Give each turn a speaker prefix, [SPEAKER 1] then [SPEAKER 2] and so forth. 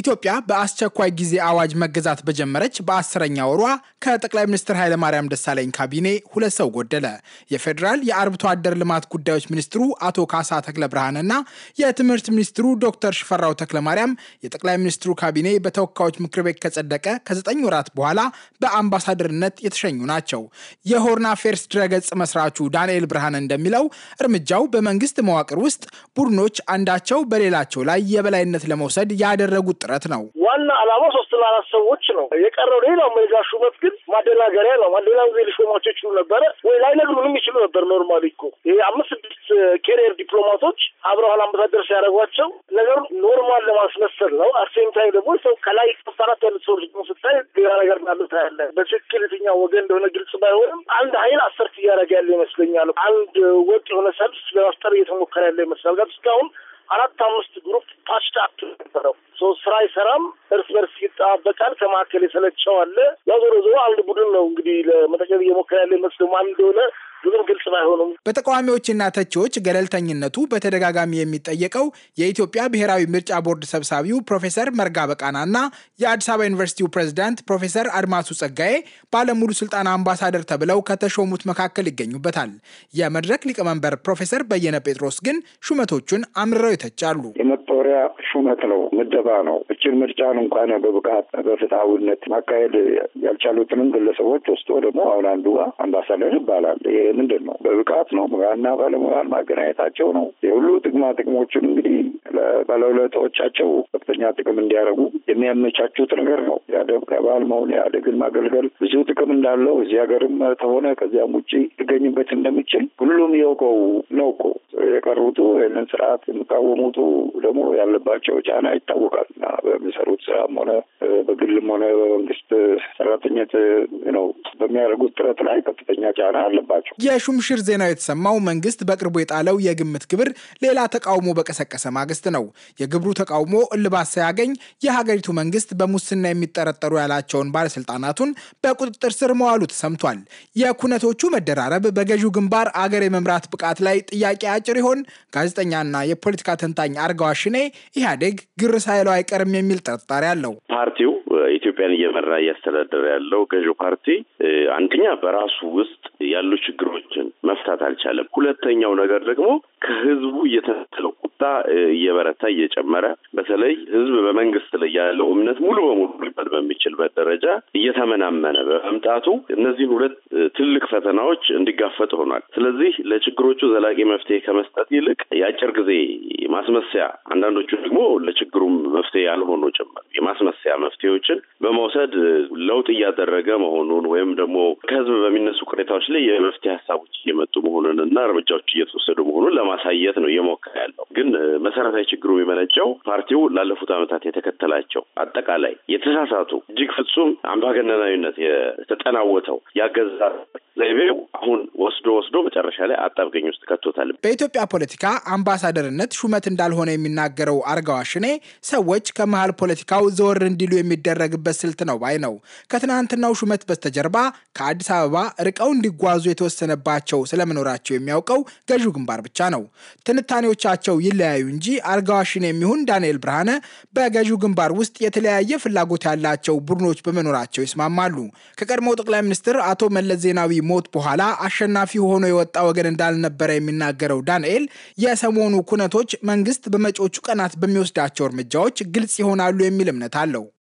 [SPEAKER 1] ኢትዮጵያ በአስቸኳይ ጊዜ አዋጅ መገዛት በጀመረች በአስረኛ ወሯ ከጠቅላይ ሚኒስትር ኃይለማርያም ደሳለኝ ካቢኔ ሁለት ሰው ጎደለ። የፌዴራል የአርብቶ አደር ልማት ጉዳዮች ሚኒስትሩ አቶ ካሳ ተክለ ብርሃንና የትምህርት ሚኒስትሩ ዶክተር ሽፈራው ተክለ ማርያም የጠቅላይ ሚኒስትሩ ካቢኔ በተወካዮች ምክር ቤት ከጸደቀ ከዘጠኝ ወራት በኋላ በአምባሳደርነት የተሸኙ ናቸው። የሆርን አፌርስ ድረገጽ መስራቹ ዳንኤል ብርሃን እንደሚለው እርምጃው በመንግስት መዋቅር ውስጥ ቡድኖች አንዳቸው በሌላቸው ላይ የበላይነት ለመውሰድ ያደረጉት ጥረት ነው።
[SPEAKER 2] ዋና አላማው ሶስትና አራት ሰዎች ነው የቀረው። ሌላው መልጋ ሹመት ግን ማደናገሪያ ነው። ማደና ጊዜ ሊሾሟቸው ይችሉ ነበረ ወይ ላይ ምንም ይችሉ ነበር። ኖርማሊ እኮ ይሄ አምስት ስድስት ኬሪየር ዲፕሎማቶች አብረሃል አምባሳደር ሲያደርጓቸው ነገሩ ኖርማል ለማስመሰል ነው። አርሴም ታይም ደግሞ ሰው ከላይ ሶስት አራት ያሉት ሰዎች ደግሞ ስታይ ሌላ ነገር እንዳለ ታያለ። በትክክል የትኛው ወገን እንደሆነ ግልጽ ባይሆንም አንድ ሀይል አሰርት እያደረገ ያለ ይመስለኛል። አንድ ወጥ የሆነ ሰልፍ ለመፍጠር እየተሞከረ ያለ ይመስላል። ጋር እስካሁን አራት አምስት ግሩፕ ታች ነበረው ሰው ስራ አይሰራም፣ እርስ በርስ ይጠባበቃል። ከመካከል የሰለቸው አለ። ያው ዞሮ ዞሮ አንድ ቡድን ነው እንግዲህ ለመጠቀም እየሞከረ ያለ ይመስል ማን እንደሆነ ብዙም ግልጽ ባይሆኑም
[SPEAKER 1] በተቃዋሚዎችና ተቺዎች ገለልተኝነቱ በተደጋጋሚ የሚጠየቀው የኢትዮጵያ ብሔራዊ ምርጫ ቦርድ ሰብሳቢው ፕሮፌሰር መርጋ በቃና እና የአዲስ አበባ ዩኒቨርሲቲው ፕሬዝዳንት ፕሮፌሰር አድማሱ ጸጋዬ ባለሙሉ ስልጣን አምባሳደር ተብለው ከተሾሙት መካከል ይገኙበታል። የመድረክ ሊቀመንበር ፕሮፌሰር በየነ ጴጥሮስ ግን ሹመቶቹን አምርረው ይተቻሉ።
[SPEAKER 3] የመጦሪያ ሹመት ነው፣ ምደባ ነው። እችን ምርጫን እንኳን በብቃት በፍትሐዊነት ማካሄድ ያልቻሉትንም ግለሰቦች ወስጦ ደግሞ አሁን አንዱ አምባሳደር ይባላል። ምንድን ነው በብቃት ነው ሙያና ባለሙያን ማገናኘታቸው ነው። የሁሉ ጥቅማ ጥቅሞችን እንግዲህ ለባለውለታዎቻቸው ከፍተኛ ጥቅም እንዲያደርጉ የሚያመቻቹት ነገር ነው። ያደግ ከባል መሆን ያደግን ማገልገል ብዙ ጥቅም እንዳለው እዚህ ሀገርም ተሆነ ከዚያም ውጭ ሊገኝበት እንደሚችል ሁሉም የውቀው ነው እኮ የቀሩቱ ይህንን ስርዓት የሚቃወሙቱ ደግሞ ያለባቸው ጫና ይታወቃል እና በሚሰሩት ስራም ሆነ በግልም ሆነ በመንግስት ሰራተኝነት ነው በሚያደርጉት ጥረት ላይ ከፍተኛ ጫና አለባቸው።
[SPEAKER 1] የሹምሽር ዜናው የተሰማው መንግስት በቅርቡ የጣለው የግምት ግብር ሌላ ተቃውሞ በቀሰቀሰ ማግስት ነው። የግብሩ ተቃውሞ እልባት ሳያገኝ የሀገሪቱ መንግስት በሙስና የሚጠረጠሩ ያላቸውን ባለስልጣናቱን በቁጥጥር ስር መዋሉ ተሰምቷል። የኩነቶቹ መደራረብ በገዢው ግንባር አገር የመምራት ብቃት ላይ ጥያቄ አጭር ይሆን? ጋዜጠኛና የፖለቲካ ተንታኝ አርጋዋሽኔ ኢህአዴግ ግር ሳይለው አይቀርም የሚል ጥርጣሬ
[SPEAKER 4] አለው። ፓርቲው ፓርቲው ኢትዮጵያን እየመራ እያስተዳደረ ያለው ገዢው ፓርቲ አንደኛ በራሱ ውስጥ ያሉ ችግሮችን መፍታት አልቻለም። ሁለተኛው ነገር ደግሞ ከህዝቡ እየተነጠለው እየበረታ እየበረታ እየጨመረ በተለይ ህዝብ በመንግስት ላይ ያለው እምነት ሙሉ በሙሉ ሊባል በሚችልበት ደረጃ እየተመናመነ በመምጣቱ እነዚህን ሁለት ትልቅ ፈተናዎች እንዲጋፈጥ ሆኗል። ስለዚህ ለችግሮቹ ዘላቂ መፍትሄ ከመስጠት ይልቅ የአጭር ጊዜ ማስመሰያ፣ አንዳንዶቹ ደግሞ ለችግሩም መፍትሄ ያልሆኑ ጭምር የማስመሰያ መፍትሄዎችን በመውሰድ ለውጥ እያደረገ መሆኑን ወይም ደግሞ ከህዝብ በሚነሱ ቅሬታዎች ላይ የመፍትሄ ሀሳቦች እየመጡ መሆኑን እና እርምጃዎች እየተወሰዱ መሆኑን ለማሳየት ነው እየሞከረ ያለው ግን ግን መሰረታዊ ችግሩ የሚመነጨው ፓርቲው ላለፉት ዓመታት የተከተላቸው አጠቃላይ የተሳሳቱ እጅግ ፍጹም አምባገነናዊነት የተጠናወተው ያገዛ ዘይቤው አሁን ወስዶ ወስዶ መጨረሻ ላይ አጣብገኝ ውስጥ ከቶታል።
[SPEAKER 1] በኢትዮጵያ ፖለቲካ አምባሳደርነት ሹመት እንዳልሆነ የሚናገረው አርጋዋሽኔ ሰዎች ከመሀል ፖለቲካው ዘወር እንዲሉ የሚደረግበት ስልት ነው ባይ ነው። ከትናንትናው ሹመት በስተጀርባ ከአዲስ አበባ ርቀው እንዲጓዙ የተወሰነባቸው ስለመኖራቸው የሚያውቀው ገዢው ግንባር ብቻ ነው። ትንታኔዎቻቸው ይል ይለያዩ እንጂ አልጋዋሽን የሚሆን ዳንኤል ብርሃነ በገዢው ግንባር ውስጥ የተለያየ ፍላጎት ያላቸው ቡድኖች በመኖራቸው ይስማማሉ። ከቀድሞው ጠቅላይ ሚኒስትር አቶ መለስ ዜናዊ ሞት በኋላ አሸናፊ ሆኖ የወጣ ወገን እንዳልነበረ የሚናገረው ዳንኤል የሰሞኑ ኩነቶች መንግስት በመጪዎቹ ቀናት በሚወስዳቸው እርምጃዎች ግልጽ ይሆናሉ የሚል እምነት አለው።